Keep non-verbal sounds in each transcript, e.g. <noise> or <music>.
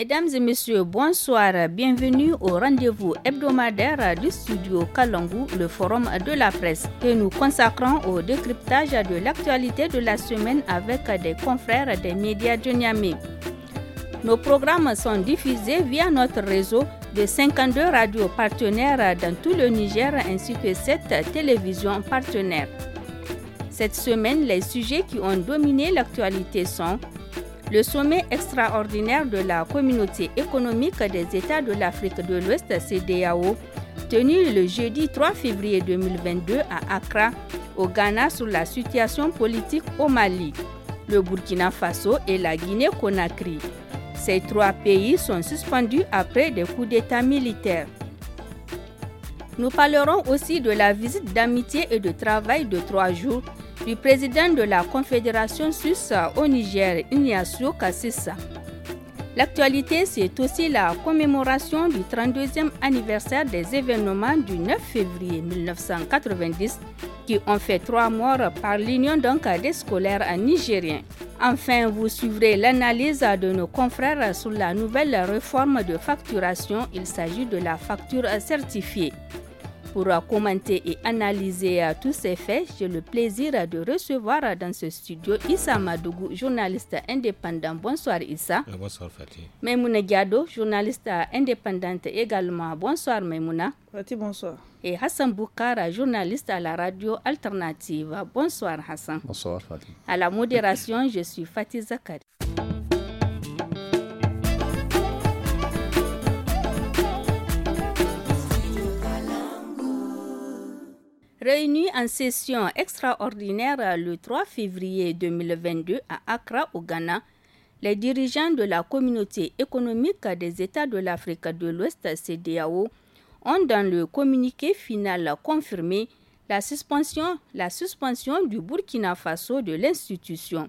Mesdames et messieurs, bonsoir. Bienvenue au rendez-vous hebdomadaire du studio Kalangu, le forum de la presse, que nous consacrons au décryptage de l'actualité de la semaine avec des confrères des médias de Niamey. Nos programmes sont diffusés via notre réseau de 52 radios partenaires dans tout le Niger ainsi que 7 télévisions partenaires. Cette semaine, les sujets qui ont dominé l'actualité sont le sommet extraordinaire de la communauté économique des États de l'Afrique de l'Ouest, CDAO, tenu le jeudi 3 février 2022 à Accra, au Ghana, sur la situation politique au Mali, le Burkina Faso et la Guinée-Conakry. Ces trois pays sont suspendus après des coups d'État militaires. Nous parlerons aussi de la visite d'amitié et de travail de trois jours du président de la Confédération suisse au Niger, Ignacio Kassissa. L'actualité, c'est aussi la commémoration du 32e anniversaire des événements du 9 février 1990 qui ont fait trois morts par l'Union d'un cadet scolaire nigérien. Enfin, vous suivrez l'analyse de nos confrères sur la nouvelle réforme de facturation. Il s'agit de la facture certifiée. Pour commenter et analyser euh, tous ces faits, j'ai le plaisir de recevoir euh, dans ce studio Issa Madougou, journaliste indépendant. Bonsoir Issa. Euh, bonsoir Fatih. Maimouna Diado, journaliste indépendante également. Bonsoir Maimouna. Fatih, bonsoir. Et Hassan Boukara, journaliste à la radio alternative. Bonsoir Hassan. Bonsoir Fatih. À la modération, je suis Fatih Zakari. Réunis en session extraordinaire le 3 février 2022 à Accra, au Ghana, les dirigeants de la communauté économique des États de l'Afrique de l'Ouest, CDAO, ont dans le communiqué final confirmé la suspension, la suspension du Burkina Faso de l'institution,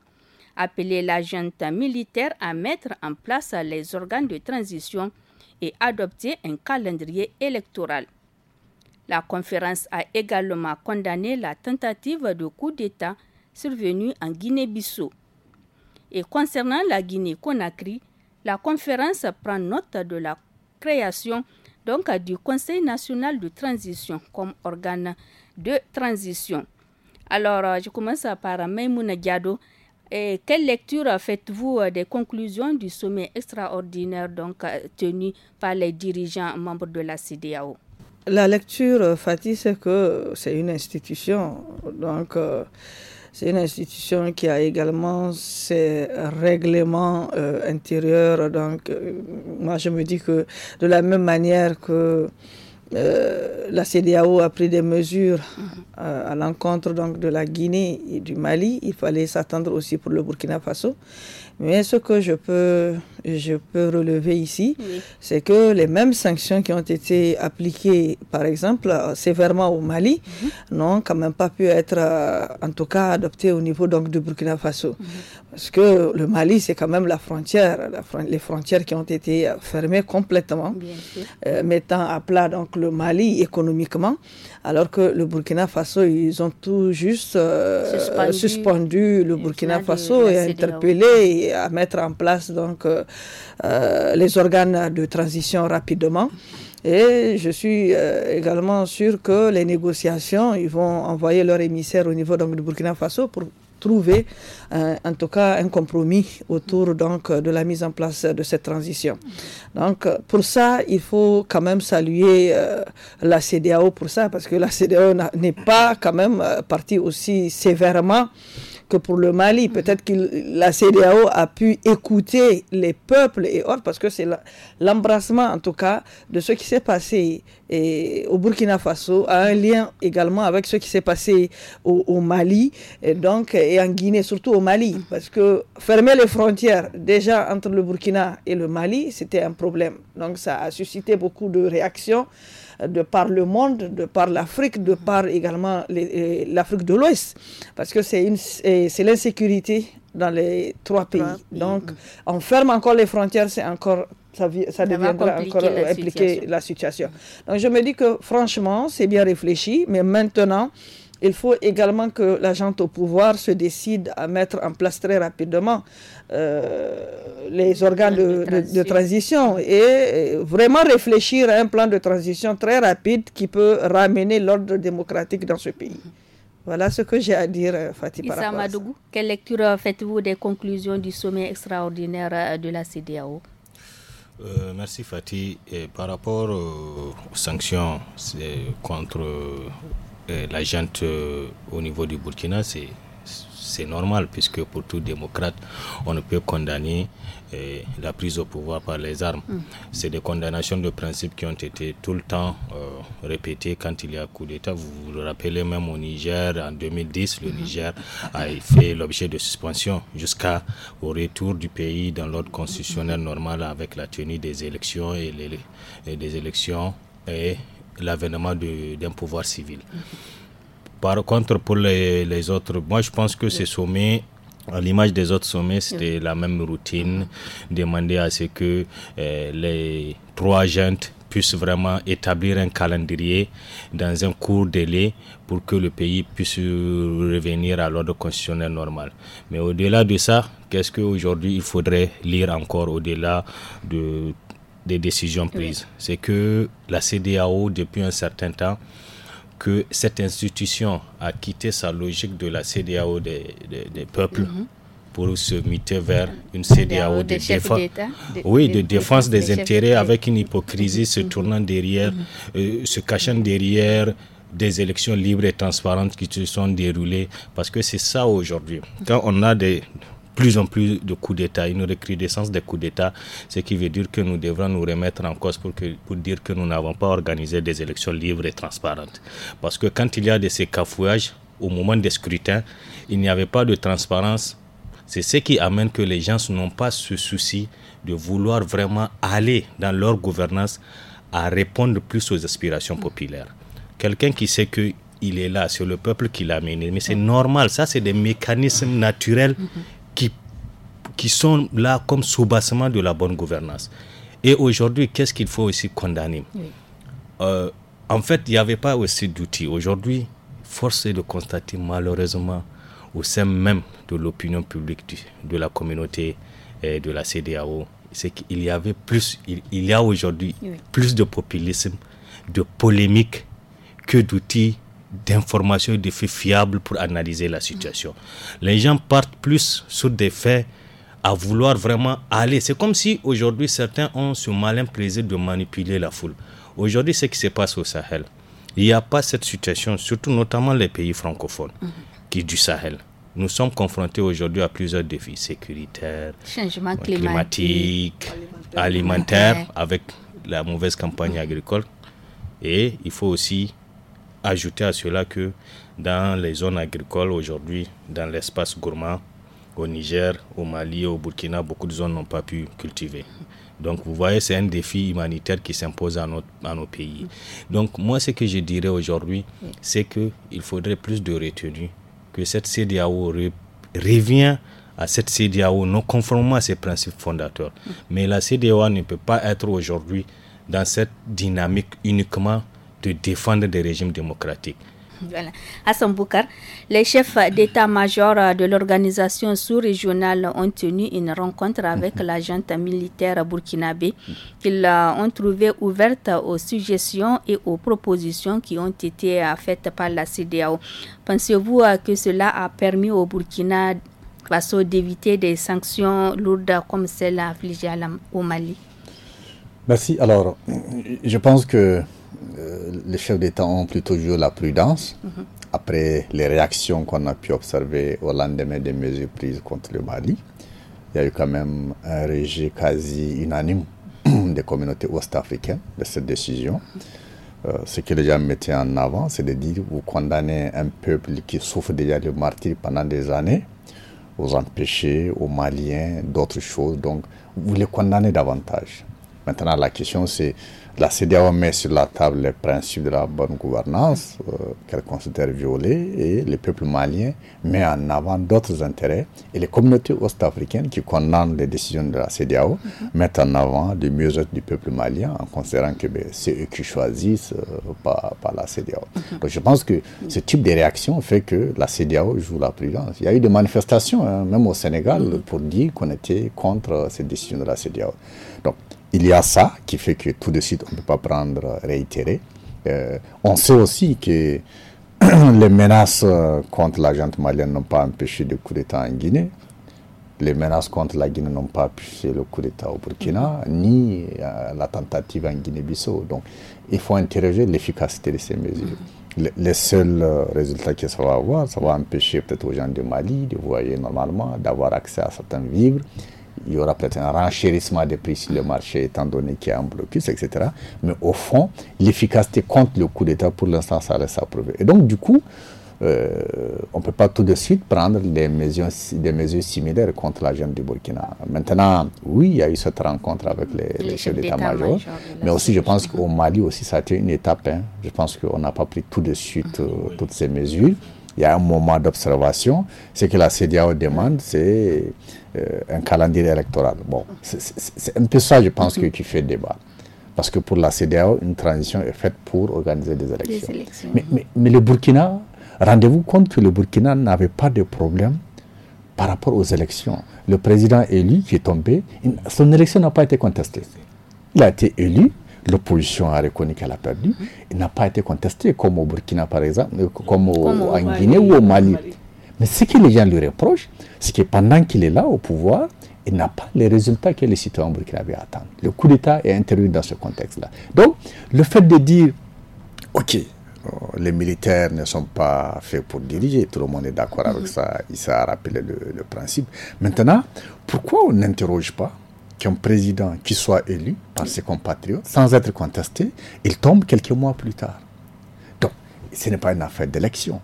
appelé l'agent militaire à mettre en place les organes de transition et adopter un calendrier électoral. La conférence a également condamné la tentative de coup d'État survenue en Guinée-Bissau. Et concernant la Guinée-Conakry, la conférence prend note de la création donc du Conseil national de transition comme organe de transition. Alors, euh, je commence par Maimouna Diado. Et quelle lecture faites-vous euh, des conclusions du sommet extraordinaire donc euh, tenu par les dirigeants membres de la CDAO la lecture, euh, Fatih, c'est que c'est une institution. Donc, euh, c'est une institution qui a également ses règlements euh, intérieurs. Donc, moi, je me dis que de la même manière que la CDAO a pris des mesures mhm. à l'encontre donc de la Guinée et du Mali, il fallait s'attendre aussi pour le Burkina Faso. Mais ce que je peux, je peux relever ici, c'est que les mêmes sanctions qui ont été appliquées, par exemple, sévèrement au Mali, mhm. n'ont quand même pas pu être, euh, en tout cas, adoptées au niveau donc, du Burkina Faso. Mhm. Parce que le Mali, c'est quand même la frontière, les frontières qui ont été euh, fermées complètement, euh, mettant à plat donc, le Mali économiquement, alors que le Burkina Faso, ils ont tout juste suspendu, suspendu, le Burkina Faso et interpellé à mettre en place donc euh, euh, les organes de transition rapidement. Et je suis euh, également sûr que les négociations, ils vont envoyer leur émissaire au niveau donc, du Burkina Faso pour trouver en tout cas un compromis autour donc de la mise en place de cette transition. Donc pour ça, il faut quand même saluer la CDAO pour ça parce que la CDAO n'est pas quand même partie aussi sévèrement que pour le Mali. Mhm. Peut-être que la CDAO a pu écouter les peuples et autres, parce que c'est l'embrassement, en tout cas, de ce qui s'est passé au Burkina Faso, a un lien également avec ce qui s'est passé au, Mali, donc, et en Guinée, surtout au Mali, mhm. parce que fermer les frontières, déjà, entre le Burkina et le Mali, c'était un problème. Donc, ça a suscité beaucoup de réactions de par le monde, de par l'Afrique, de mhm. par également l'Afrique de l'Ouest, parce que c'est l'insécurité dans les trois pays. Donc, mhm. on ferme encore les frontières, c'est encore ça, ça deviendra encore impliquer la situation. Donc, je me dis que franchement, c'est bien réfléchi, mais maintenant, il faut également que la gente au pouvoir se décide à mettre en place très rapidement euh, les organes de, transition et vraiment réfléchir à un plan de transition très rapide qui peut ramener l'ordre démocratique dans ce pays. Voilà ce que j'ai à dire, euh, Fatih Issa Madougou, quelle lecture faites-vous des conclusions du sommet extraordinaire euh, de la CDAO merci Fatih. Et par rapport aux sanctions contre euh, la gente euh, au niveau du Burkina, c'est c'est normal puisque pour tout démocrate, on ne peut condamner euh, la prise au pouvoir par les armes. Mm. C'est des condamnations de principe qui ont été tout le temps répétées quand il y a coup d'État. Vous vous le rappelez même au Niger, en 2010, le mm-hmm. Niger a fait l'objet de suspension jusqu'à au retour du pays dans l'ordre constitutionnel mm-hmm. normal avec la tenue des élections et, les, des élections et l'avènement d'un pouvoir civil. Par contre, pour les, autres, moi je pense que ces sommets, à l'image des autres sommets, c'était la même routine, demander à ce que euh, les trois gentes puissent vraiment établir un calendrier dans un court délai pour que le pays puisse revenir à l'ordre constitutionnel normal. Mais au-delà de ça, qu'est-ce qu'aujourd'hui il faudrait lire encore au-delà de des décisions prises. C'est que la CDAO, depuis un certain temps, que cette institution a quitté sa logique de la CDAO des, des, peuples mhm. pour se muter vers une CDAO, des de, défense, oui, de, défense des, intérêts avec une hypocrisie se mhm. tournant derrière, mhm. euh, se cachant derrière des élections libres et transparentes qui se sont déroulées. Parce que c'est ça aujourd'hui. Quand on a des plus en plus de coups d'État, une recrudescence des coups d'État, ce qui veut dire que nous devrons nous remettre en cause pour, que, pour dire que nous n'avons pas organisé des élections libres et transparentes. Parce que quand il y a de ces cafouillages, au moment des scrutins, il n'y avait pas de transparence. C'est ce qui amène que les gens n'ont pas ce souci de vouloir vraiment aller dans leur gouvernance à répondre plus aux aspirations populaires. Quelqu'un qui sait que il est là, c'est le peuple qui l'a mené. Mais c'est normal, ça c'est des mécanismes naturels mm-hmm qui sont là comme sous-bassement de la bonne gouvernance. Et aujourd'hui, qu'est-ce qu'il faut aussi condamner euh, En fait, il n'y avait pas aussi d'outils. Aujourd'hui, force est de constater malheureusement au sein même de l'opinion publique de la communauté et eh, de la CDAO, c'est qu'il y avait plus, il, y a aujourd'hui plus de populisme, de polémique que d'outils d'informations et de faits fiables pour analyser la situation. Mm. Les gens partent plus sur des faits à vouloir vraiment aller. C'est comme si aujourd'hui certains ont ce malin plaisir de manipuler la foule. Aujourd'hui, ce qui se passe au Sahel, il n'y a pas cette situation, surtout notamment les pays francophones qui du Sahel. Nous sommes confrontés aujourd'hui à plusieurs défis sécuritaires, changement climatique, alimentaire avec la mauvaise campagne agricole. Et il faut aussi ajouter à cela que dans les zones agricoles aujourd'hui, dans l'espace gourmand, au Niger, au Mali, au Burkina, beaucoup de zones n'ont pas pu cultiver. Donc vous voyez, c'est un défi humanitaire qui s'impose à, à, nos pays. Donc moi, ce que je dirais aujourd'hui, c'est qu'il faudrait plus de retenue, que cette CDAO revient à cette CDAO non conformément à ses principes fondateurs. Mais la CDAO ne peut pas être aujourd'hui dans cette dynamique uniquement de défendre des régimes démocratiques. Voilà. Hassan les chefs d'état-major de l'organisation sous-régionale ont tenu une rencontre avec mhm. l'agent militaire burkinabé qu'ils euh, ont trouvé ouverte aux suggestions et aux propositions qui ont été euh, faites par la CDAO. Pensez-vous euh, que cela a permis au Burkina Faso d'éviter des sanctions lourdes comme celles infligées au Mali Merci. Alors, je pense que euh, les chefs d'État ont plutôt joué la prudence mhm. après les réactions qu'on a pu observer au lendemain des mesures prises contre le Mali. Il y a eu quand même un rejet quasi unanime <clears throat> des communautés ouest-africaines de cette décision. Euh, ce que les gens mettaient en avant, c'est de dire vous condamnez un peuple qui souffre déjà de martyrs pendant des années, vous empêchez aux Maliens d'autres choses, donc vous les condamnez davantage. Maintenant, la question c'est la CDAO met sur la table les principes de la bonne gouvernance euh, qu'elle considère violés et le peuple malien met en avant d'autres intérêts et les communautés ouest-africaines qui condamnent les décisions de la CDAO mhm. mettent en avant le mieux-être du peuple malien en considérant que ben, c'est eux qui choisissent euh, pas, la CDAO. Mhm. Donc je pense que ce type de réaction fait que la CDAO joue la prudence. Il y a eu des manifestations, hein, même au Sénégal, mhm. pour dire qu'on était contre euh, ces décisions de la CDAO. Donc il y a ça qui fait que tout de suite on ne peut pas prendre, réitérer. Euh, on sait aussi que <clears throat> les menaces euh, contre la malien malienne n'ont pas empêché le coup d'État en Guinée. Les menaces contre la Guinée n'ont pas empêché le coup d'État au Burkina, ni euh, la tentative en Guinée-Bissau. Donc, il faut interroger l'efficacité de ces mesures. Le, les seuls résultats que ça va avoir, ça va empêcher peut-être aux gens du Mali de voyager normalement, d'avoir accès à certains vivres il y aura peut-être un renchérissement des prix sur le marché étant donné qu'il y a un blocus, etc. Mais au fond, l'efficacité contre le coup d'État, pour l'instant, ça reste à prouver. Et donc, du coup, euh, on ne peut pas tout de suite prendre des mesures, similaires contre la gemme du Burkina. Maintenant, oui, il y a eu cette rencontre avec les, chefs d'état-major, mais aussi je pense qu'au Mali aussi, ça a été une étape. Hein. Je pense qu'on n'a pas pris tout de suite euh, toutes ces mesures il y a un moment d'observation. Ce que la CDAO demande, c'est euh, un calendrier électoral. Bon, c'est un peu ça, je pense, que tu fais débat. Parce que pour la CDAO, une transition est faite pour organiser des élections. Mais, mais, le Burkina, rendez-vous compte que le Burkina n'avait pas de problème par rapport aux élections. Le président élu qui est tombé, son élection n'a pas été contestée. Il a été élu, l'opposition a reconnu qu'elle a perdu, mhm. il n'a pas été contestée, comme au Burkina par exemple, euh, comme, en Guinée ou au Mali. Mais ce que les gens lui reprochent, c'est que pendant qu'il est là au pouvoir, il n'a pas les résultats que les citoyens avaient attendent. Le coup d'État est interdit dans ce contexte-là. Donc, le fait de dire, OK, euh, les militaires ne sont pas faits pour diriger, tout le monde est d'accord avec mhm. ça, il s'est rappelé le principe. Maintenant, pourquoi on n'interroge pas qu'un président qui soit élu par ses compatriotes, sans être contesté, il tombe quelques mois plus tard. Donc, ce n'est pas une affaire d'élection.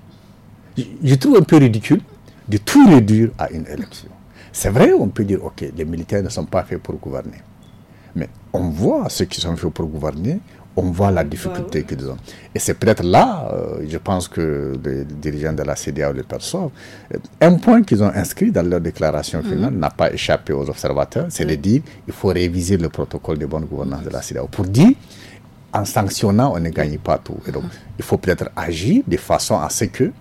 Je, trouve un peu ridicule de tout réduire à une élection. C'est vrai, on peut dire, OK, les militaires ne sont pas faits pour gouverner. Mais on voit ceux qui sont faits pour gouverner, on voit la difficulté qu'ils ont. Et c'est peut-être là, euh, je pense que les dirigeants de la ou le perçoivent, un point qu'ils ont inscrit dans leur déclaration mhm. finale n'a pas échappé aux observateurs, c'est de dire il faut réviser le protocole de bonne gouvernance de la CDA. pour dire en sanctionnant, on ne gagne pas tout. Et donc, mhm. il faut peut-être agir de façon à ce que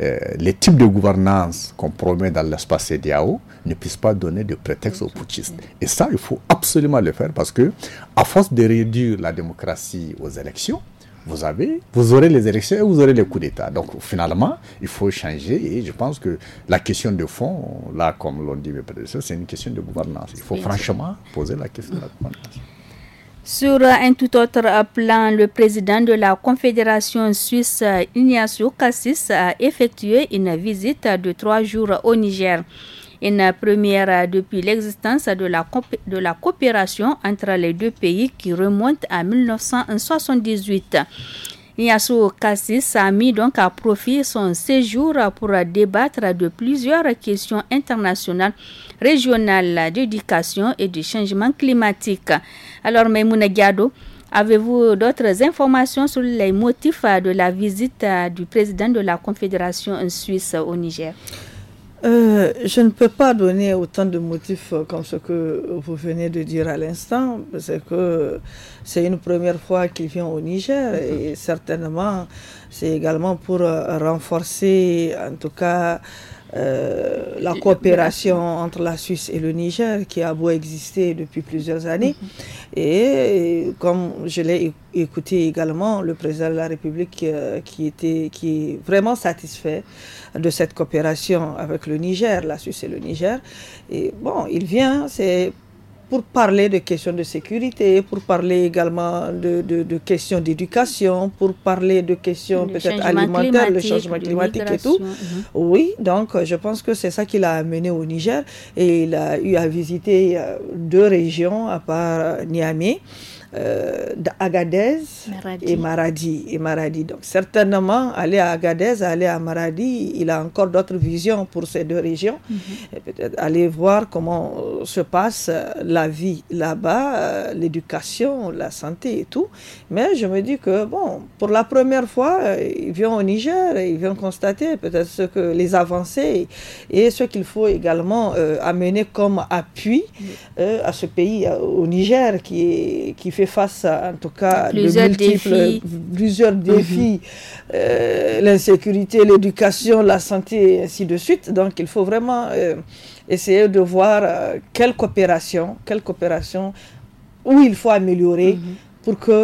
euh, les types de gouvernance qu'on promet dans l'espace CDAO ne puissent pas donner de prétexte aux putschistes. Et ça, il faut absolument le faire parce que, à force de réduire la démocratie aux élections, vous avez, vous aurez les élections et vous aurez les coups d'État. Donc finalement, il faut changer et je pense que la question de fond, là comme l'ont dit mes prédécesseurs, c'est une question de gouvernance. Il faut franchement poser la question de la gouvernance. Sur un tout autre euh, plan, le président de la Confédération suisse, euh, Ignacio Cassis, a effectué une visite de trois jours au Niger. Une première euh, depuis l'existence de la, de la coopération entre les deux pays qui remonte à 1978. Niasu Kassis a mis donc à profit son séjour pour débattre de plusieurs questions internationales, régionales, d'éducation et du changement climatique. Alors, Maimouna Gado, Avez-vous d'autres informations sur les motifs de la visite du président de la Confédération suisse au Niger euh, je ne peux pas donner autant de motifs comme ce que vous venez de dire à l'instant, parce que c'est une première fois qu'il vient au Niger mhm. et certainement c'est également pour euh, renforcer en tout cas euh, la coopération entre la Suisse et le Niger, qui a beau exister depuis plusieurs années. Mhm. Et, comme je l'ai écouté également, le président de la République euh, qui, était, qui est vraiment satisfait de cette coopération avec le Niger, la Suisse et le Niger. Et bon, il vient, c'est pour parler de questions de sécurité, pour parler également de, de, de questions d'éducation, pour parler de questions peut-être alimentaires, le changement climatique et tout. Uh-huh. Oui, donc je pense que c'est ça qui l'a amené au Niger et il a eu à visiter euh, deux régions à part euh, Niamey. Euh, d'Agadez Agadez et Maradi. Et Maradi. Donc certainement, aller à Agadez, aller à Maradi, il a encore d'autres visions pour ces deux régions. Mhm. Peut-être aller voir comment euh, se passe euh, la vie là-bas, l'éducation, la santé et tout. Mais je me dis que, bon, pour la première fois, ils viennent au Niger, et ils viennent constater peut-être ce que les avancées et ce qu'il faut également amener comme appui à ce pays, au Niger, qui, est, qui fait face à, en tout cas, plusieurs multiples, plusieurs mhm. défis, euh, l'insécurité, l'éducation, la santé, et ainsi de suite. Donc, il faut vraiment euh, essayer de voir euh, quelle coopération, quelle coopération, où il faut améliorer. Mhm. pour que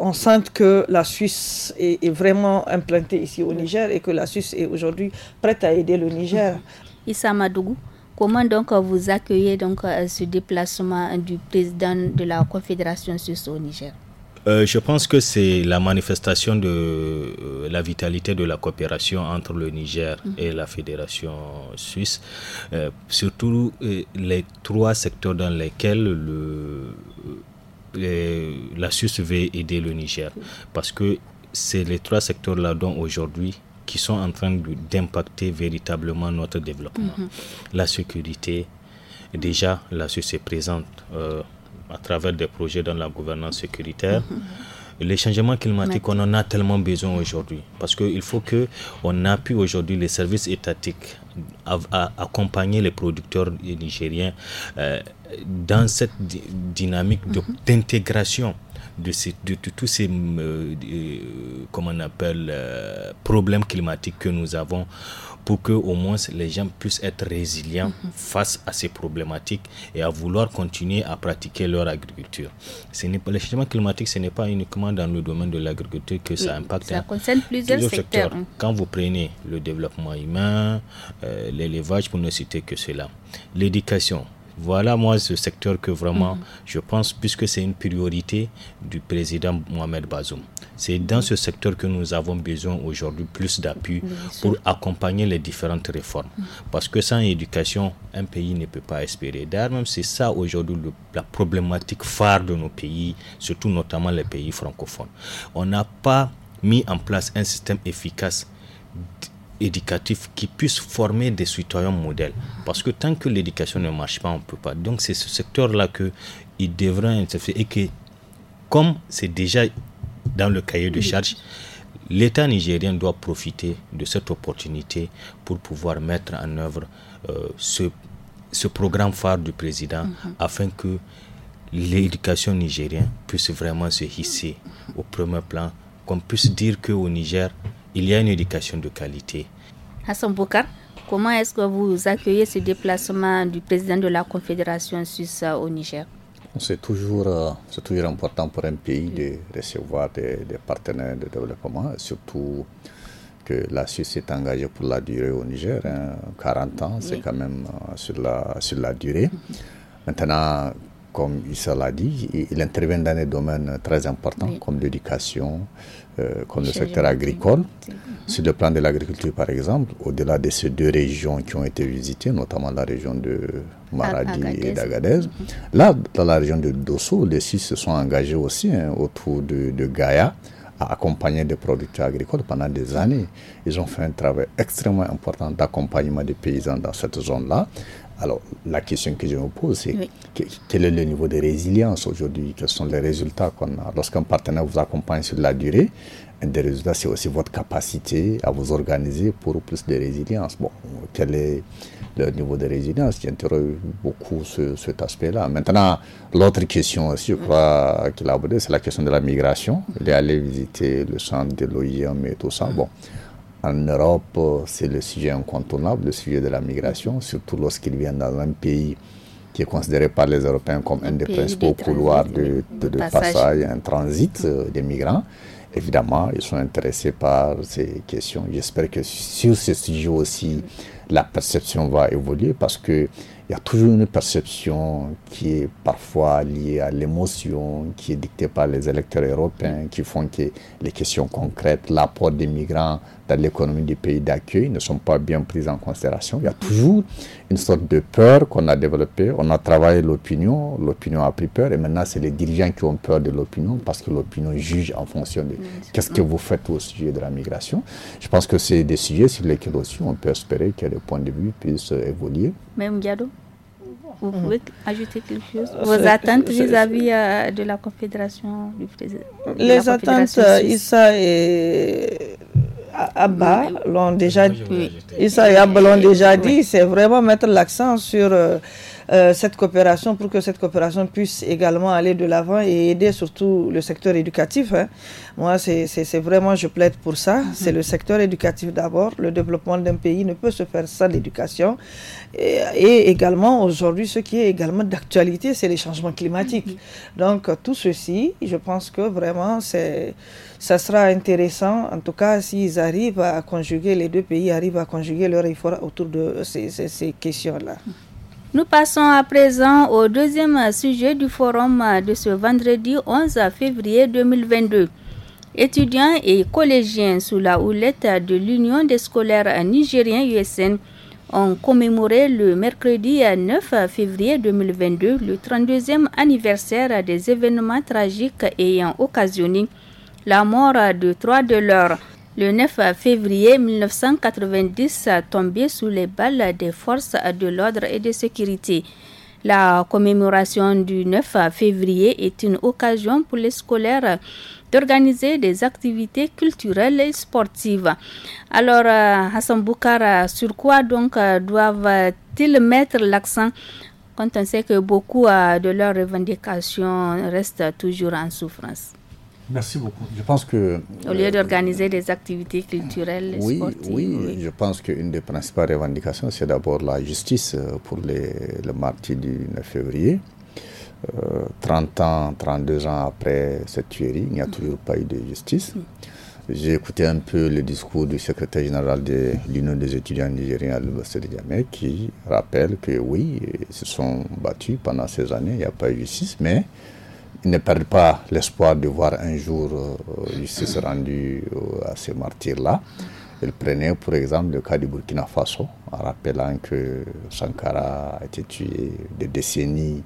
on sente que la Suisse est, est, vraiment implantée ici au Niger et que la Suisse est aujourd'hui prête à aider le Niger. Mhm. Issa Madougou, Comment donc vous accueillez donc euh, ce déplacement du président de la Confédération suisse au Niger euh, je pense que c'est la manifestation de euh, la vitalité de la coopération entre le Niger mm. et la Fédération suisse, surtout les trois secteurs dans lesquels la Suisse veut aider le Niger, mm. parce que c'est les trois secteurs-là dont aujourd'hui qui sont en train d'impacter véritablement notre développement. Mhm. La sécurité, déjà, la se présente euh, à travers des projets dans la gouvernance sécuritaire. Mhm. Les changements climatiques, on en a tellement besoin aujourd'hui parce qu'il faut que on appuie aujourd'hui les services étatiques à, accompagner les producteurs nigériens euh, dans cette dynamique mhm. d'intégration de, ces, de, tous ces, euh, euh, comment on appelle, euh, problèmes climatiques que nous avons pour que au moins les gens puissent être résilients mhm. face à ces problématiques et à vouloir continuer à pratiquer leur agriculture. Ce n'est pas, le changement climatique, ce n'est pas uniquement dans le domaine de l'agriculture que ça impacte. Ça hein. concerne plusieurs, secteurs. Hein. Quand vous prenez le développement humain, l'élevage, pour ne citer que cela, l'éducation, voilà, moi, ce secteur que vraiment, mhm. je pense, puisque c'est une priorité du président Mohamed Bazoum. C'est dans ce secteur que nous avons besoin aujourd'hui plus d'appui pour accompagner les différentes réformes. Mhm. Parce que sans éducation, un pays ne peut pas espérer. D'ailleurs, même c'est ça aujourd'hui la problématique phare de nos pays, surtout notamment les pays francophones. On n'a pas mis en place un système efficace éducatif qui puisse former des citoyens modèles. Parce que tant que l'éducation ne marche pas, on ne peut pas. Donc c'est ce secteur-là qu'il devrait intervenir. Et que, comme c'est déjà dans le cahier de charge, l'État nigérien doit profiter de cette opportunité pour pouvoir mettre en œuvre euh, ce, ce, programme phare du président mm-hmm. afin que l'éducation nigérienne puisse vraiment se hisser mm-hmm. au premier plan, qu'on puisse dire qu'au Niger, il y a une éducation de qualité. Hassan Boukar, comment est-ce que vous accueillez ce déplacement du président de la Confédération suisse euh, au Niger euh, c'est toujours, important pour un pays de recevoir des, partenaires de développement, surtout que la Suisse est engagée pour la durée au Niger. 40 hein. ans, c'est quand même euh, sur, la, sur la durée. Maintenant, comme Issa l'a dit, il, intervient dans des domaines très importants comme l'éducation, euh, comme le secteur agricole. Sur le plan de l'agriculture, par exemple, au-delà de ces deux régions qui ont été visitées, notamment la région de Maradi et d'Agadez, mhm. là, dans la région de Dosso, les six se sont engagés aussi hein, autour de, de Gaïa à accompagner des producteurs agricoles pendant des années. Ils ont fait un travail extrêmement important d'accompagnement des paysans dans cette zone-là. Alors, la question que je me pose, c'est quel est le niveau de résilience aujourd'hui Quels sont les résultats qu'on a Lorsqu'un partenaire vous accompagne sur la durée, un des résultats, c'est aussi votre capacité à vous organiser pour plus de résilience. Bon, quel est le niveau de résilience interroge beaucoup cet aspect-là. Maintenant, l'autre question aussi, je crois qu'il a abordé, c'est la question de la migration. Il est allé visiter le centre de l'OIM et tout ça. Mm. Bon en Europe, c'est le sujet incontournable, le sujet de la migration, surtout lorsqu'ils viennent dans un pays qui est considéré par les Européens comme un, des principaux couloirs de, passage. un transit euh, des migrants. Évidemment, ils sont intéressés par ces questions. J'espère que sur ce sujet aussi, la perception va évoluer parce qu'il y a toujours une perception qui est parfois liée à l'émotion, qui est dictée par les électeurs européens, qui font que les questions concrètes, l'apport des migrants l'économie des pays d'accueil ne sont pas bien prises en considération. Il y a toujours une sorte de peur qu'on a développée. On a travaillé l'opinion, l'opinion a pris peur et maintenant c'est les dirigeants qui ont peur de l'opinion parce que l'opinion juge en fonction de qu'est-ce que vous faites au sujet de la migration. Je pense que c'est des sujets sur lesquels aussi on peut espérer que les point de vue puisse évoluer. Même Gallo vous mhm. pouvez ajouter quelque chose euh, Vos attentes vis-à-vis euh, de la Confédération du Président Les attentes, euh, Issa, et Abba l'ont déjà, l'ont déjà dit, c'est vraiment mettre l'accent sur euh, euh, cette coopération pour que cette coopération puisse également aller de l'avant et aider surtout le secteur éducatif. Hein. Moi, c'est vraiment, je plaide pour ça. Mm-hmm. C'est le secteur éducatif d'abord. Le développement d'un pays ne peut se faire sans l'éducation. Et, également, aujourd'hui, ce qui est également d'actualité, c'est les changements climatiques. Mm-hmm. Donc, tout ceci, je pense que vraiment, ça sera intéressant. En tout cas, s'ils arrivent à conjuguer, les deux pays arrivent à conjuguer leur effort autour de ces, questions-là. Mm-hmm. Nous passons à présent au deuxième sujet du forum de ce vendredi 11 février 2022. Étudiants et collégiens sous la houlette de l'Union des scolaires nigériens USN ont commémoré le mercredi 9 février 2022 le 32e anniversaire des événements tragiques ayant occasionné la mort de trois de leurs le 9 février 1990 a tombé sous les balles des forces de l'ordre et de sécurité. La commémoration du 9 février est une occasion pour les scolaires d'organiser des activités culturelles et sportives. Alors, euh, Hassan Boukara, sur quoi donc euh, doivent-ils mettre l'accent quand on sait que beaucoup euh, de leurs revendications restent toujours en souffrance Merci beaucoup. Je pense que. Au lieu euh, d'organiser des activités culturelles, oui, sportives. Oui, euh, je pense qu'une des principales revendications, c'est d'abord la justice euh, pour les, le martyr du 9 février. 30 ans, 32 ans après cette tuerie, il n'y a toujours pas eu de justice. Mm. J'ai écouté un peu le discours du secrétaire général de l'Union des étudiants nigériens à l'Université de qui rappelle que oui, ils se sont battus pendant ces années, il n'y a pas eu justice, mais ils ne perdent pas l'espoir de voir un jour justice euh, rendu euh, à ces martyrs-là. Ils prenaient pour exemple le cas du Burkina Faso, en rappelant que Sankara a été tué des décennies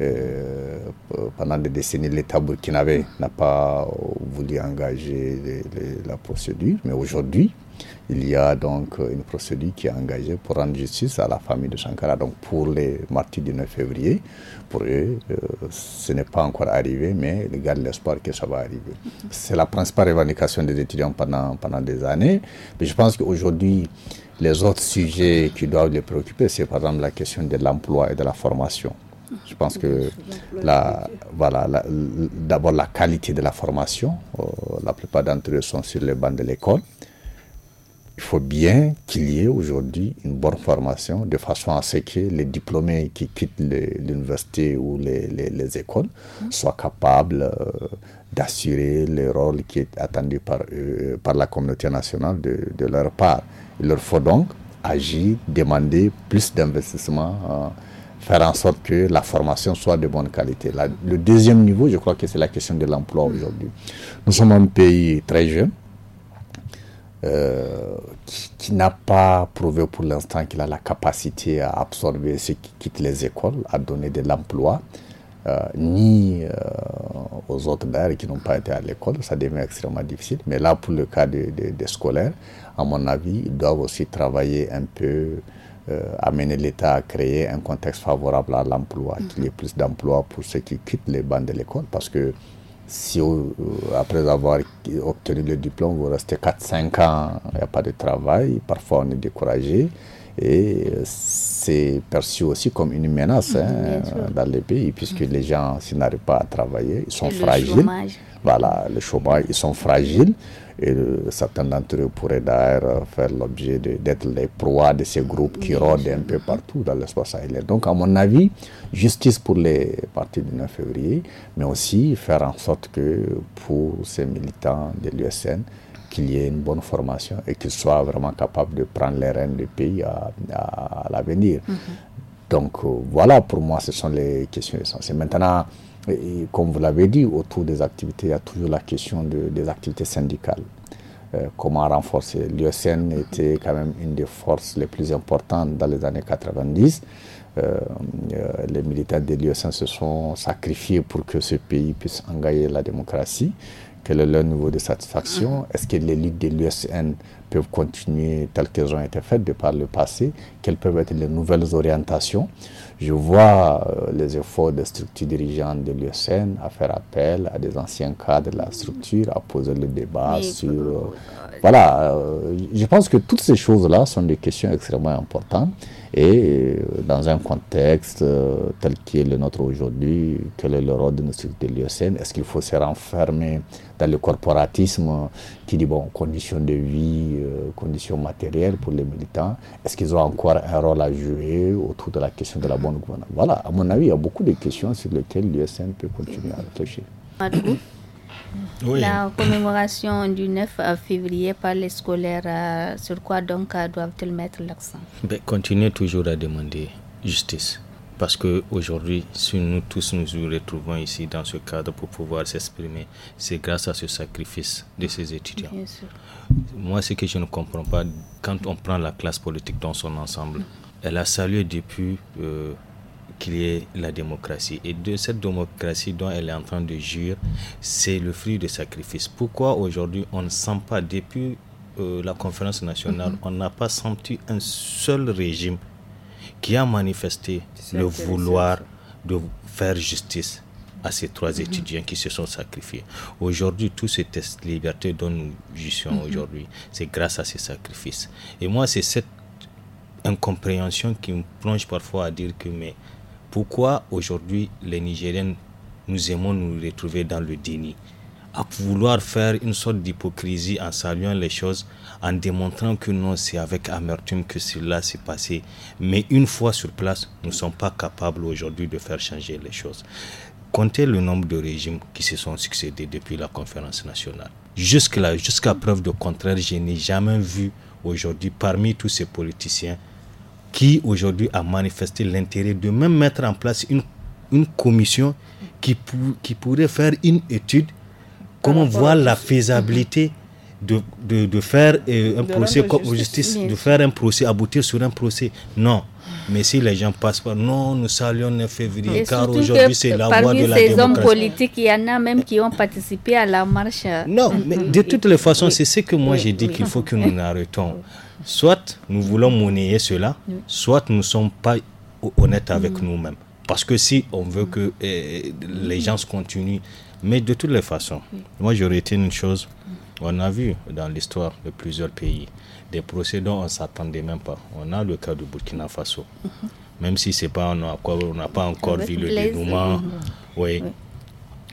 euh, pendant des décennies, l'État burkinabé n'a pas voulu engager la procédure, mais aujourd'hui, il y a donc euh, une procédure qui est engagée pour rendre justice à la famille de Shankara, donc pour les martyrs du 9 février. Pour eux, euh, ce n'est pas encore arrivé, mais ils gardent l'espoir que ça va arriver. C'est la principale revendication des étudiants pendant, pendant des années. Mais je pense qu'aujourd'hui, les autres sujets qui doivent les préoccuper, c'est par exemple la question de l'emploi et de la formation. Je pense que la, voilà, d'abord la qualité de la formation. Euh, la plupart d'entre eux sont sur les bancs de l'école il faut bien qu'il y ait aujourd'hui une bonne formation de façon à ce que les diplômés qui quittent l'université ou les, écoles mmh. soient capables euh, d'assurer le rôle qui est attendu par, euh, par la communauté nationale de, leur part. Il leur faut donc agir, demander plus d'investissement. Euh, faire en sorte que la formation soit de bonne qualité. le deuxième niveau, je crois que c'est la question de l'emploi aujourd'hui. Nous sommes un pays très jeune, euh, qui, n'a pas prouvé pour l'instant qu'il a la capacité à absorber ceux qui quittent les écoles, à donner de l'emploi, euh, ni euh, aux autres d'ailleurs qui n'ont pas été à l'école. Ça devient extrêmement difficile. Mais là, pour le cas des scolaires, à mon avis, ils doivent aussi travailler un peu amener l'État à créer un contexte favorable à l'emploi, qu'il y ait mhm. plus d'emplois pour ceux qui quittent les bancs de l'école, parce que si euh, après avoir obtenu le diplôme, vous restez 4-5 ans, il n'y a pas de travail, parfois on est découragé. Et euh, c'est perçu aussi comme une menace mhm, hein, dans les pays, puisque les gens, s'ils n'arrivent pas à travailler, ils sont fragiles. Le voilà, le chômage, ils sont fragiles et euh, certains d'entre eux pourraient d'ailleurs faire l'objet d'être les proies de ces groupes qui rôdent un peu partout dans l'espace aérien. Donc, à mon avis, justice pour les partis du 9 février, mais aussi faire en sorte que pour ces militants de l'USN, qu'il y ait une bonne formation et qu'ils soient vraiment capables de prendre les rênes du pays à, l'avenir. Mhm. Donc euh, voilà, pour moi, ce sont les questions essentielles. Maintenant, comme vous l'avez dit, autour des activités, il y a toujours la question des activités syndicales. Euh, comment renforcer L'USN était quand même une des forces les plus importantes dans les années 90. Euh, euh, les militants de l'USN se sont sacrifiés pour que ce pays puisse engager la démocratie quel est leur niveau de satisfaction mm-hmm. Est-ce que les luttes de l'USN peuvent continuer telles qu'elles ont été faites de par le passé Quelles peuvent être les nouvelles orientations Je vois euh, les efforts des structures dirigeantes de l'USN à faire appel à des anciens cadres de la mm-hmm. structure, à poser le débat sur... Euh, voilà, euh, je pense que toutes ces choses-là sont des questions extrêmement importantes. Et euh, dans un contexte euh, tel qu'il est le nôtre aujourd'hui, quel est le rôle de nos Est-ce qu'il faut se renfermer dans le corporatisme qui dit, bon, conditions de vie, euh, conditions matérielles pour les militants Est-ce qu'ils ont encore un rôle à jouer autour de la question de la bonne gouvernance Voilà, à mon avis, il y a beaucoup de questions sur lesquelles l'USN peut continuer à réfléchir. La commémoration du 9 février par les scolaires, euh, sur quoi donc euh, doivent-ils mettre l'accent ben, Continuez toujours à demander justice. Parce qu'aujourd'hui, si nous tous nous nous retrouvons ici dans ce cadre pour pouvoir s'exprimer, c'est grâce à ce sacrifice de ces étudiants. Moi, ce que je ne comprends pas, quand on prend la classe politique dans son ensemble, elle a salué depuis euh, qu'il y la démocratie. Et de cette démocratie dont elle est en train de jurer, c'est le fruit de sacrifices. Pourquoi aujourd'hui on ne sent pas, depuis euh, la conférence nationale, mm-hmm. on n'a pas senti un seul régime qui a manifesté le vouloir de faire justice à ces trois mm-hmm. étudiants qui se sont sacrifiés. Aujourd'hui, tout ce test liberté dont nous jouissons mm-hmm. aujourd'hui, c'est grâce à ces sacrifices. Et moi, c'est cette incompréhension qui me plonge parfois à dire que mais pourquoi aujourd'hui les Nigériens, nous aimons nous retrouver dans le déni à vouloir faire une sorte d'hypocrisie en saluant les choses, en démontrant que non, c'est avec amertume que cela s'est passé. Mais une fois sur place, nous ne sommes pas capables aujourd'hui de faire changer les choses. Comptez le nombre de régimes qui se sont succédés depuis la conférence nationale. Jusque-là, jusqu'à preuve de contraire, je n'ai jamais vu aujourd'hui parmi tous ces politiciens qui aujourd'hui a manifesté l'intérêt de même mettre en place une, une commission qui, qui pourrait faire une étude, comment voir la faisabilité. Mhm. De, de, de, faire euh, un procès comme justice, de faire un procès, aboutir sur un procès. Non. Mais si les gens passent par, non, nous saluons 9 février, car aujourd'hui c'est la voie de la démocratie. Parmi ces hommes politiques, il y en a même qui ont participé à la marche. Non, mais mhm. de toutes les façons, c'est ce que moi j'ai dit qu'il faut que nous arrêtons. Soit nous voulons monnayer cela, soit nous ne sommes pas honnêtes avec mm. nous-mêmes. Parce que si on veut que eh, les mm. gens continuent, mais de toutes les façons, moi j'aurais été une chose, on a vu dans l'histoire de plusieurs pays, des procédés dont on ne s'attendait même pas. On a le cas de Burkina Faso. Mhm. Même si c'est pas, on n'a pas encore vu le dénouement. Mhm.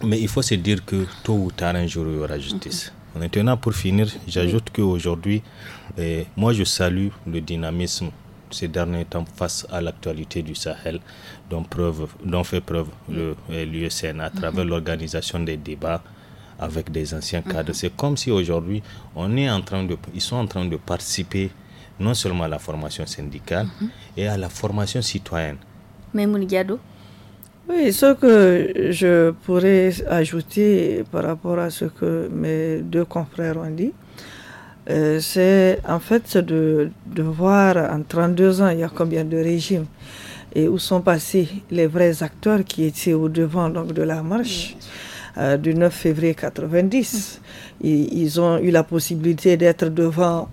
Mais il faut se dire que tôt ou tard, un jour, il y aura mhm. justice. Maintenant, pour finir, j'ajoute qu'aujourd'hui, eh, moi je salue le dynamisme ces derniers temps face à l'actualité du Sahel dont, preuve, dont fait preuve eh, l'USN à travers mm-hmm. l'organisation des débats avec des anciens mm-hmm. cadres. C'est comme si aujourd'hui, on est en train de, ils sont en train de participer non seulement à la formation syndicale mm-hmm. et à la formation citoyenne. Mais oui, ce que je pourrais ajouter par rapport à ce que mes deux confrères ont dit, euh, c'est en fait de, de voir en 32 ans, il y a combien de régimes et où sont passés les vrais acteurs qui étaient au devant donc, de la marche. Euh, du 9 février 90. Mm. ils, ont eu la possibilité d'être devant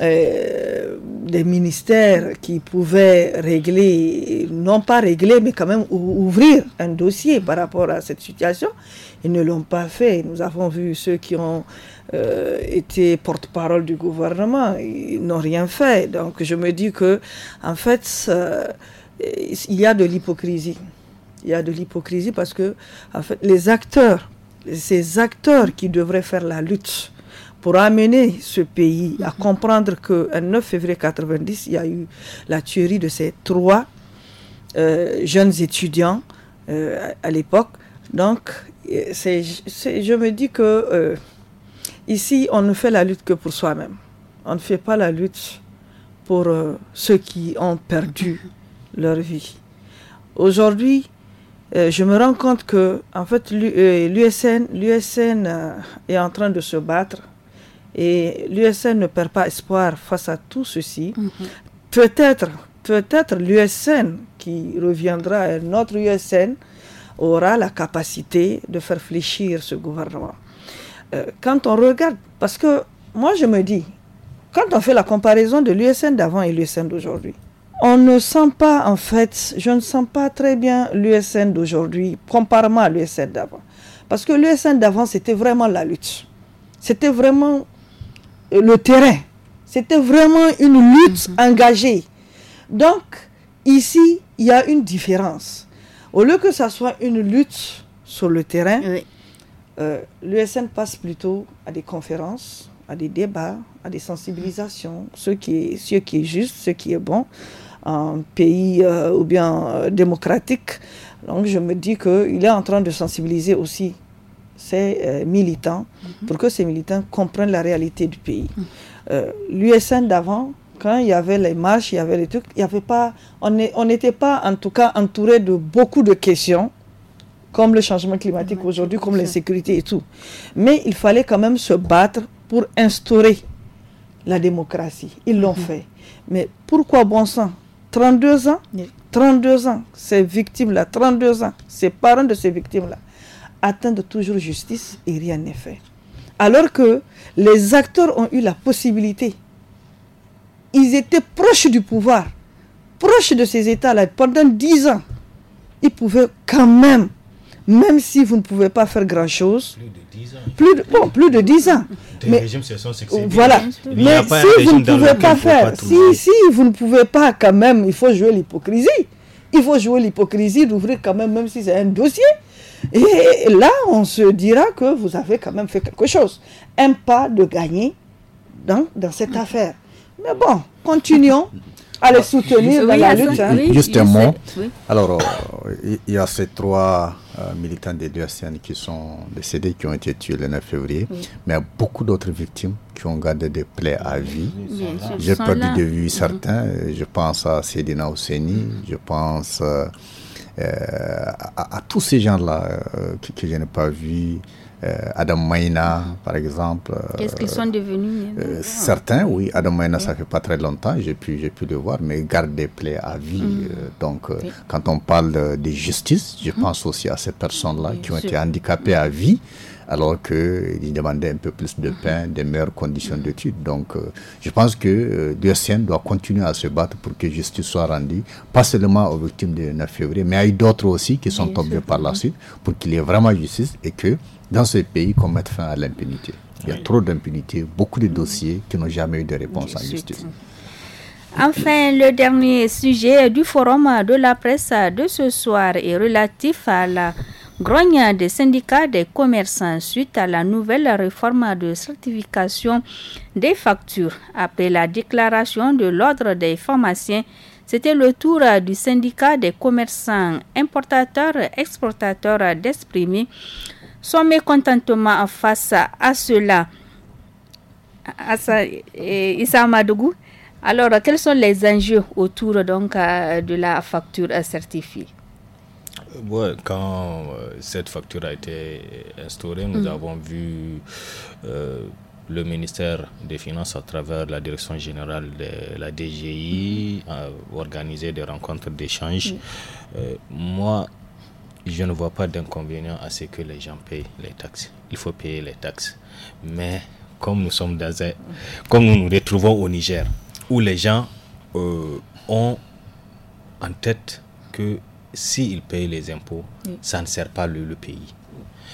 euh, des ministères qui pouvaient régler, non pas régler, mais quand même ouvrir un dossier par rapport à cette situation. Ils ne l'ont pas fait. Nous avons vu ceux qui ont euh, été porte-parole du gouvernement. Ils n'ont rien fait. Donc je me dis que, en fait, il y a de l'hypocrisie. Il y a de l'hypocrisie parce que, les acteurs, ces acteurs qui devraient faire la lutte, pour amener ce pays à comprendre qu'un euh, 9 février 90, il y a eu la tuerie de ces trois euh, jeunes étudiants euh, à, l'époque. Donc, je me dis que ici, on ne fait la lutte que pour soi-même. On ne fait pas la lutte pour ceux qui ont perdu leur vie. Aujourd'hui, je me rends compte que en fait l'USN l'USN est en train de se battre et l'USN ne perd pas espoir face à tout ceci. Mm-hmm. Peut-être, peut-être l'USN qui reviendra, notre USN, aura la capacité de faire fléchir ce gouvernement. Euh, quand on regarde, parce que moi je me dis, quand on fait la comparaison de l'USN d'avant et l'USN d'aujourd'hui, on ne sent pas en fait, je ne sens pas très bien l'USN d'aujourd'hui, comparément à l'USN d'avant. Parce que l'USN d'avant, c'était vraiment la lutte. C'était vraiment euh, le terrain. C'était vraiment une lutte mhm. engagée. Donc, ici, il y a une différence. Au lieu que ça soit une lutte sur le terrain, euh, l'USN passe plutôt à des conférences, à des débats, à des sensibilisations, ce qui est, juste, ce qui est bon, un pays euh, ou bien démocratique. Donc, je me dis qu'il est en train de sensibiliser aussi ces euh, militants, mhm. pour que ces militants comprennent la réalité du pays. Mhm. Euh, L'USN d'avant, quand il y avait les marches, il y avait les trucs, il y avait pas, on n'était pas en tout cas entouré de beaucoup de questions, comme le changement climatique aujourd'hui, comme l'insécurité et tout. Mais il fallait quand même se battre pour instaurer la démocratie. Ils l'ont mhm. fait. Mais pourquoi bon sang 32 ans 32 ans, ces victimes-là, 32 ans, ces parents de ces victimes-là, atteindre toujours justice et rien n'est fait. Alors que les acteurs ont eu la possibilité. Ils étaient proches du pouvoir, proches de ces États-là. Pendant dix ans, ils pouvaient quand même, même si vous ne pouvez pas faire grand-chose. Plus de dix ans. bon, plus de dix ans. mais, Voilà. Mais si vous ne pouvez pas faire, si, si vous ne pouvez pas quand même, il faut jouer l'hypocrisie. Il faut jouer l'hypocrisie d'ouvrir quand même, même si c'est un dossier et là, on se dira que vous avez quand même fait quelque chose. Un pas de gagné dans, dans cette affaire. Mais bon, continuons à les ah, soutenir dans la lutte. Hein. Juste un mot. Alors, euh, il y a ces trois euh, militants des deux ASEAN qui sont décédés, qui ont été tués le 9 février, mais il y a beaucoup d'autres victimes qui ont gardé des plaies à vie. J'ai perdu de vue mhm. certains. Euh, je pense à Sedina Ouseni, je pense... Euh, à, tous ces gens-là euh, que, je n'ai pas vus. Euh, Adam Maïna, par exemple. Qu'est-ce qu'ils sont devenus Certains, oui. Adam Maïna, ça fait pas très longtemps, j'ai pu, j'ai pu le voir, mais garde des plaies à vie. Mm. donc, quand on parle de justice, je mm. pense aussi à ces personnes-là qui ont été handicapées à vie alors qu'ils demandaient un peu plus de pain, mhm. des meilleures conditions d'études. Donc, euh, je pense que euh, Dieu sienne doit continuer à se battre pour que justice soit rendue, pas seulement aux victimes du 9 février, mais à d'autres aussi qui sont tombés par la mhm. suite, pour qu'il y ait vraiment justice et que dans ce pays, qu'on mette fin à l'impunité. Il y a trop d'impunité, beaucoup de mhm. dossiers qui n'ont jamais eu de réponse en justice. Enfin, le dernier sujet du forum de la presse de ce soir est relatif à la Grogne des syndicats des commerçants suite à la nouvelle réforme de certification des factures. Après la déclaration de l'ordre des pharmaciens, c'était le tour du syndicat des commerçants importateurs exportateurs d'exprimer son mécontentement face à cela. alors quels sont les enjeux autour donc euh, de la facture certifiée quand euh, cette facture a été instaurée, nous mm. avons vu euh, le ministère des Finances à travers la direction générale de la DGI organiser des rencontres d'échange. Mm. Euh, moi, je ne vois pas d'inconvénient à ce que les gens payent les taxes. Il faut payer les taxes. Mais comme nous sommes dans un, comme nous nous retrouvons au Niger, où les gens ont en tête que s'ils payent les impôts, ça ne sert pas le, pays.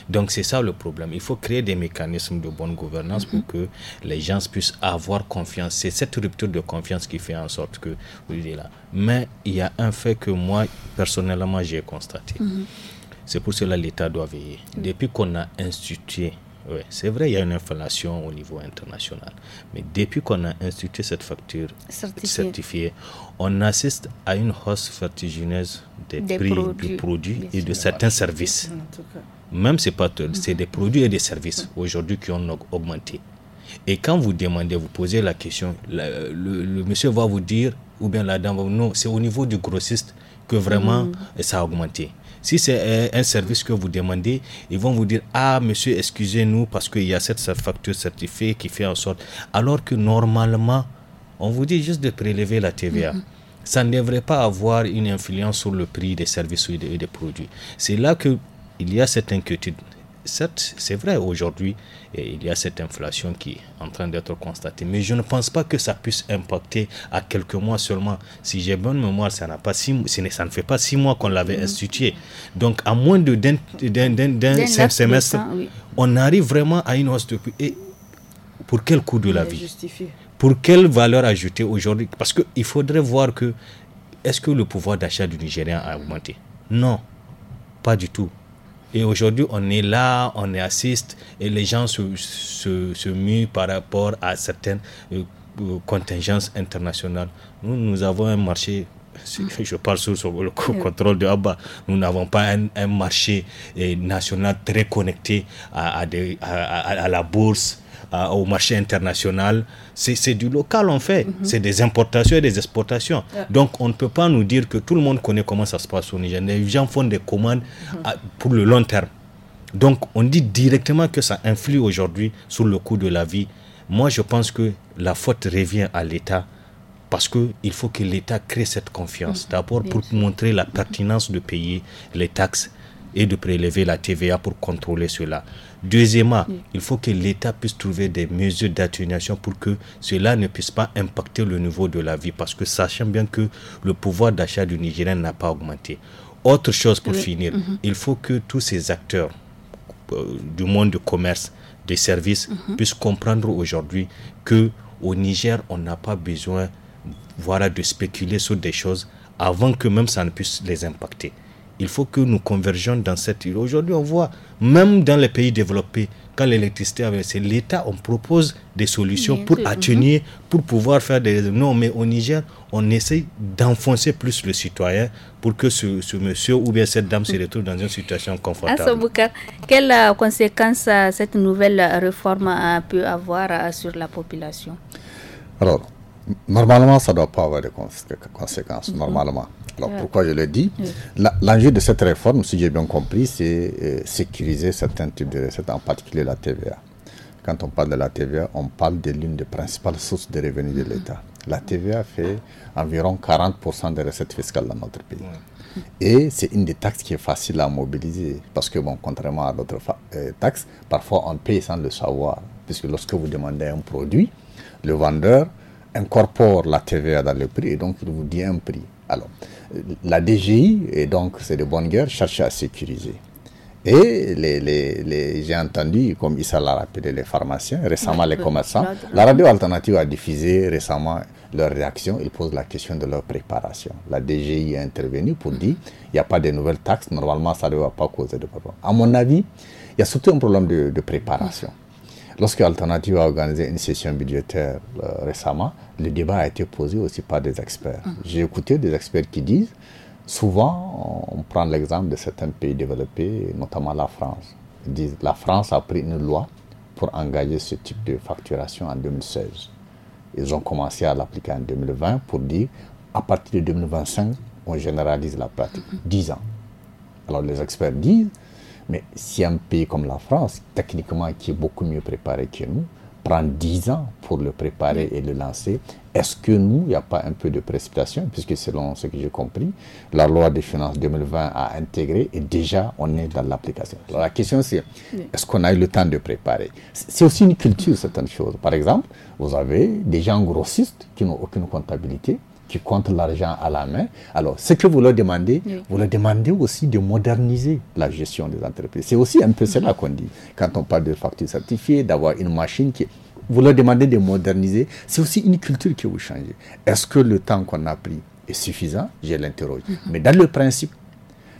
Donc c'est ça le problème. Il faut créer des mécanismes de bonne gouvernance pour mhm. que les gens puissent avoir confiance. C'est cette rupture de confiance qui fait en sorte que vous là. Mais il y a un fait que moi personnellement j'ai constaté. Mhm. C'est pour cela l'État doit veiller. Depuis qu'on a institué oui, c'est vrai, il y a une inflation au niveau international. Mais depuis qu'on a institué cette facture certifiée. on assiste à une hausse vertigineuse des, prix du produit et de certains services. Même c'est pas tout, c'est mhm. des produits et des services aujourd'hui qui ont augmenté. Et quand vous demandez, vous posez la question, le, monsieur va vous dire, ou bien la dame non, c'est au niveau du grossiste que vraiment mhm. ça a augmenté. Si c'est euh, un service que vous demandez, ils vont vous dire Ah, monsieur, excusez-nous parce qu'il y a cette facture certifiée qui fait en sorte. Alors que normalement, on vous dit juste de prélever la TVA. Mm-hmm. Ça ne devrait pas avoir une influence sur le prix des services ou des, des produits. C'est là qu'il y a cette inquiétude certes, c'est vrai, aujourd'hui, eh, il y a cette inflation qui est en train d'être constatée, mais je ne pense pas que ça puisse impacter à quelques mois seulement. Si j'ai bonne mémoire, ça, n'a pas ça ne fait pas six mois qu'on l'avait mm-hmm. institué. Donc, à moins de d'un semestre, on arrive vraiment à une hausse de pour quel coût de la vie Pour quelle valeur ajoutée aujourd'hui Parce qu'il faudrait voir que est-ce que le pouvoir d'achat du Nigérien a augmenté Non, pas du tout. Et aujourd'hui, on est là, on assiste, et les gens se, se, muent par rapport à certaines euh, euh, contingences internationales. Nous, nous avons un marché mm. je parle sur le mm. contrôle de Abba, nous n'avons pas un, marché euh, national très connecté à, à, la bourse, au marché international. C'est du local, en fait. Mhm. C'est des importations et des exportations. Donc, on ne peut pas nous dire que tout le monde connaît comment ça se passe au Niger. Les gens font des commandes mhm. pour le long terme. Donc, on dit directement que ça influe aujourd'hui sur le coût de la vie. Moi, je pense que la faute revient à l'État parce qu'il faut que l'État crée cette confiance. Mhm. D'abord pour montrer la pertinence de payer les taxes et de prélever la TVA pour contrôler cela. Deuxièmement, mm. il faut que l'État puisse trouver des mesures d'atténuation pour que cela ne puisse pas impacter le niveau de la vie, parce que sachant bien que le pouvoir d'achat du Nigérien n'a pas augmenté. Autre chose pour finir, mm-hmm. il faut que tous ces acteurs euh, du monde du commerce, des services, mm-hmm. puissent comprendre aujourd'hui que au Niger, on n'a pas besoin voilà, de spéculer sur des choses avant que même ça ne puisse les impacter. Il faut que nous convergions dans cette île. Aujourd'hui, on voit, même dans les pays développés, quand l'électricité a l'État, on propose des solutions pour atténuer, mhm. pour pouvoir faire des... Non, mais au Niger, on essaie d'enfoncer plus le citoyen pour que ce, monsieur ou bien cette dame se retrouve dans une situation confortable. quelles euh, conséquences euh, cette nouvelle euh, réforme peut avoir sur la population Alors, normalement, ça ne doit pas avoir de conséquences, mhm. normalement. Alors pourquoi je le dis. L'enjeu de cette réforme, si j'ai bien compris, c'est euh, sécuriser certains types de recettes, en particulier la TVA. Quand on parle de la TVA, on parle de l'une des principales sources de revenus de mm-hmm. l'État. La TVA fait environ 40% des recettes fiscales dans notre pays. Et c'est une des taxes qui est facile à mobiliser. Parce que, bon, contrairement à d'autres euh, taxes, parfois on paye sans le savoir. Puisque lorsque vous demandez un produit, le vendeur incorpore la TVA dans le prix et donc il vous dit un prix. Alors, la DGI, et donc c'est de bonne guerre, cherche à sécuriser. Et les, les, les j'ai entendu, comme Issa l'a rappelé, les pharmaciens, récemment les commerçants, la radio alternative a diffusé récemment leur réaction, ils posent la question de leur préparation. La DGI est intervenue pour mm-hmm. dire il n'y a pas de nouvelles taxes, normalement ça ne va pas causer de problème. À mon avis, il y a surtout un problème de, préparation. Lorsque Alternative a organisé une session budgétaire euh, récemment, le débat a été posé aussi par des experts. Mm. J'ai écouté des experts qui disent, souvent, on prend l'exemple de certains pays développés, notamment la France. Ils disent, la France a pris une loi pour engager ce type de facturation en 2016. Ils ont commencé à l'appliquer en 2020 pour dire, à partir de 2025, on généralise la pratique. 10 mm-hmm. ans. Alors les experts disent, mais si un pays comme la France, techniquement qui est beaucoup mieux préparé que nous, prend 10 ans pour le préparer et le lancer, est-ce que nous, il n'y a pas un peu de précipitation Puisque selon ce que j'ai compris, la loi des finances 2020 a intégré et déjà on est dans l'application. Alors la question c'est, est-ce qu'on a eu le temps de préparer C'est aussi une culture, certaines choses. Par exemple, vous avez des gens grossistes qui n'ont aucune comptabilité, qui comptent l'argent à la main. Alors, ce que vous leur demandez, vous leur demandez aussi de moderniser la gestion des entreprises. C'est aussi un peu cela qu'on dit quand on parle de factures certifiées, d'avoir une machine qui... Vous leur demandez de moderniser. C'est aussi une culture qui vous changez. Est-ce que le temps qu'on a pris est suffisant Je l'interroge. Mm-hmm. Mais dans le principe,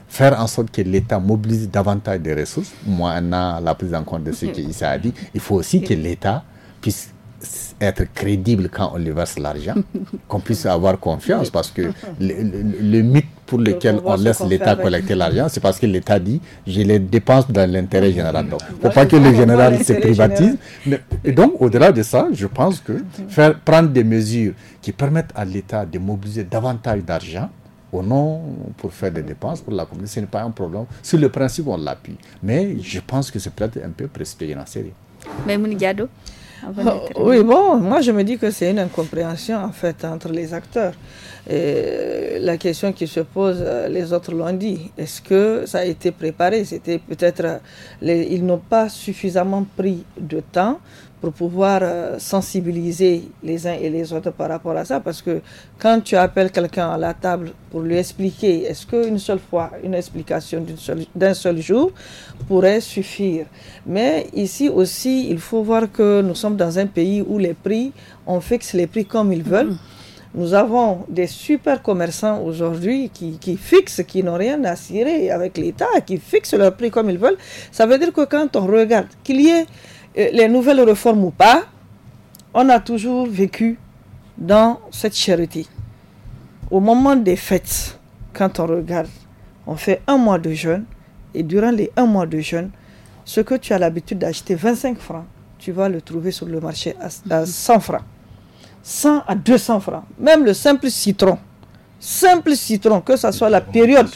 faire en sorte que l'État mobilise davantage de ressources, moi, on a la prise en compte de ce qu'il mm-hmm. a dit, il faut aussi que l'État puisse être crédible quand on lui verse l'argent, <laughs> qu'on puisse avoir confiance, parce que le, mythe pour lequel on laisse l'État collecter l'argent, c'est parce que l'État dit je les dépense dans l'intérêt <laughs> général. Donc, il ne faut pas que le général se privatise. et donc, au-delà de ça, je pense que mhm. faire prendre des mesures qui permettent à l'État de mobiliser davantage d'argent au non pour faire des dépenses pour la communauté, ce n'est pas un problème. Sur le principe, on l'appuie. Mais je pense que c'est peut-être un peu précipité en série. Mais Gado Oh, oui, bon, moi je me dis que c'est une incompréhension en fait entre les acteurs. Et la question qui se pose, euh, les autres l'ont dit, est-ce que ça a été préparé C'était peut-être, euh, ils n'ont pas suffisamment pris de temps pour pouvoir euh, sensibiliser les uns et les autres par rapport à ça. Parce que quand tu appelles quelqu'un à la table pour lui expliquer, est-ce qu'une seule fois, une explication d'un seul, jour pourrait suffire Mais ici aussi, il faut voir que nous sommes dans un pays où les prix, on fixe les prix comme ils veulent. Mm-hmm. Nous avons des super commerçants aujourd'hui qui, qui, fixent, qui n'ont rien à cirer avec l'État, qui fixent leurs prix comme ils veulent. Ça veut dire que quand on regarde qu'il y ait les nouvelles réformes ou pas, on a toujours vécu dans cette charité. Au moment des fêtes, quand on regarde, on fait un mois de jeûne et durant les un mois de jeûne, ce que tu as l'habitude d'acheter 25 francs, tu vas le trouver sur le marché à, 100 francs. 100 à 200 francs. Même le simple citron. Simple citron, que ce soit la période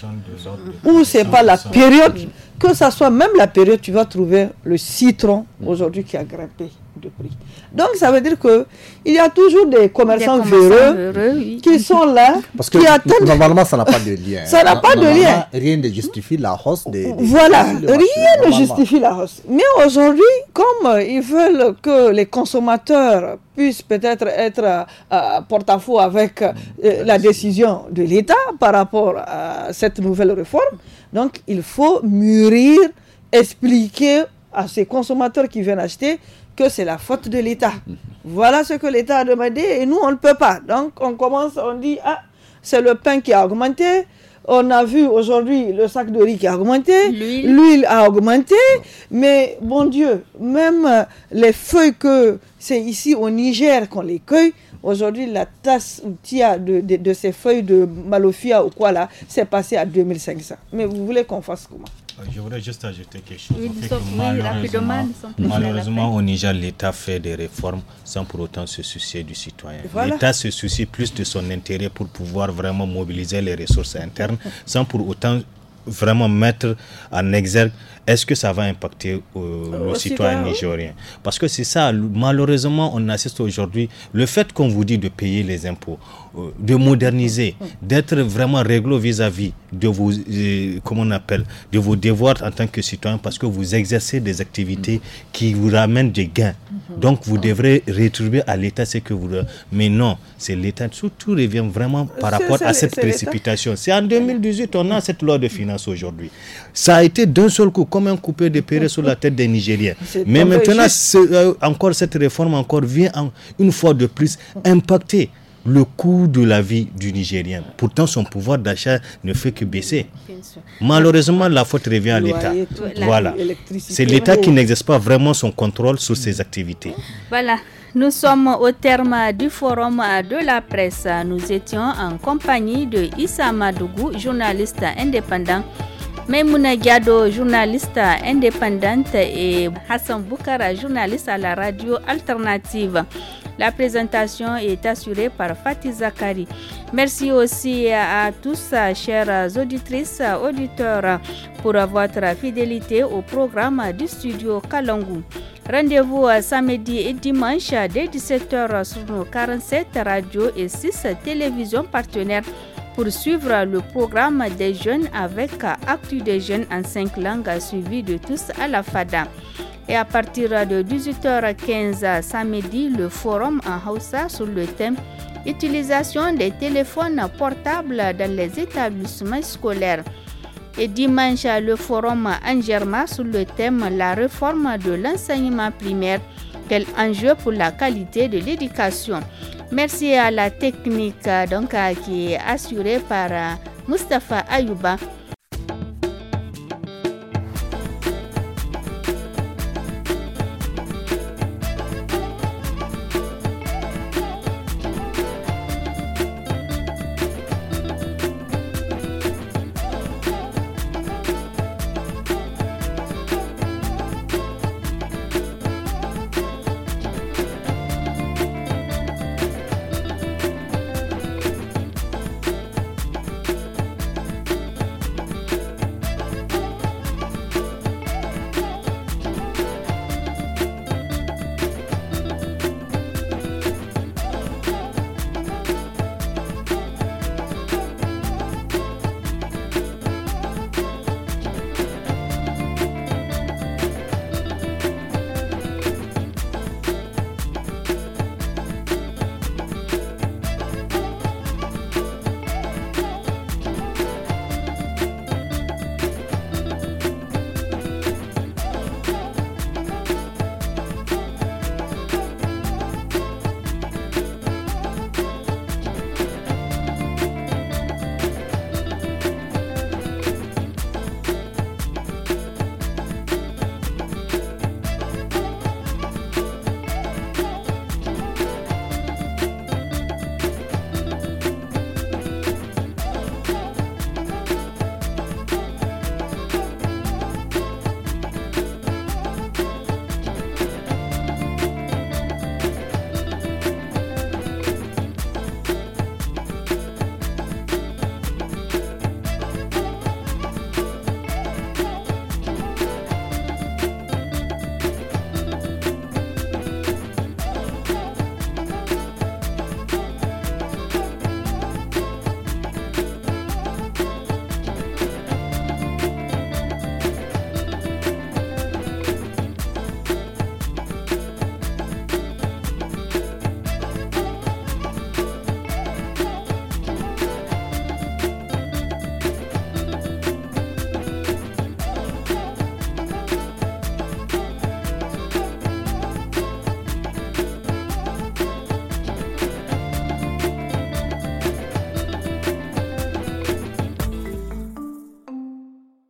ou n'est pas la période, que ça soit même la période, tu vas trouver le citron mm. aujourd'hui qui a grimpé de prix. Donc ça veut dire que il y a toujours des commerçants, des véreux, qui sont là, <laughs> Parce que Normalement, ça n'a pas de lien. <laughs> Hein. ça n'a pas de lien. Rien ne justifie la hausse des. voilà, rien ne justifie la hausse. Mais aujourd'hui, comme ils veulent que les consommateurs puissent peut-être être, euh, porte-à-faux avec euh, mm. la décision de l'État par rapport à cette nouvelle réforme, donc il faut mûrir, expliquer à ces consommateurs qui viennent acheter c'est la faute de l'État. Voilà ce que l'État a demandé et nous, on ne peut pas. Donc, on commence, on dit, ah, c'est le pain qui a augmenté. On a vu aujourd'hui le sac de riz qui a augmenté, l'huile a augmenté, mais bon Dieu, même les feuilles que c'est ici au Niger qu'on les cueille, aujourd'hui la tasse ou tia de, de, ces feuilles de malofia ou quoi là, c'est passé à 2500. Mais vous voulez qu'on fasse comment ah, je voudrais juste ajouter quelque chose. malheureusement, au Niger, l'État fait des réformes sans pour autant se soucier du citoyen. L'État se soucie plus de son intérêt pour pouvoir vraiment mobiliser les ressources internes sans pour autant vraiment mettre en exergue est-ce que ça va impacter le euh, citoyen citoyens nigérien Parce que c'est ça, malheureusement, on assiste aujourd'hui, le fait qu'on vous dit de payer les impôts, euh, de moderniser, mm. d'être vraiment réglo vis-à-vis de vos, euh, comment on appelle, de vos devoirs en tant que citoyen, parce que vous exercez des activités mm. qui vous ramènent des gains. Mm-hmm. Donc, vous mm. devrez rétribuer à l'État ce que vous... Mais non, c'est l'État, surtout revient vraiment par rapport à cette précipitation. C'est en 2018, on a cette loi de finances aujourd'hui. Ça a été d'un seul coup comme un coupé de péré sur la tête des Nigériens. Mais maintenant, euh, encore cette réforme encore vient une fois de plus impacter le coût de la vie du Nigérien. Pourtant, son pouvoir d'achat ne fait que baisser. Malheureusement, la faute revient à l'État. Voilà. C'est l'État qui n'exerce pas vraiment son contrôle sur ses mm. activités. Voilà. Nous sommes au terme du forum de la presse. Nous étions en compagnie de Issa Madougou, journaliste indépendant. Maimouna Gado, journaliste indépendante, et Hassan Boukara, journaliste à la radio alternative. La présentation est assurée par Fatih Zakari. Merci aussi à tous, chères auditrices, auditeurs, pour votre fidélité au programme du studio Kalangu. Rendez-vous samedi et dimanche dès 17h sur nos 47 radios et 6 télévisions partenaires suivre le programme des jeunes avec Actu des jeunes en cinq langues suivi de tous à la FADA. Et à partir de 18h15 samedi, le forum en Hausa sur le thème Utilisation des téléphones portables dans les établissements scolaires. Et dimanche, le forum Angerma sur le thème La réforme de l'enseignement primaire, quel enjeu pour la qualité de l'éducation. Merci à la technique donc, qui est assurée par euh, Mustapha Ayouba.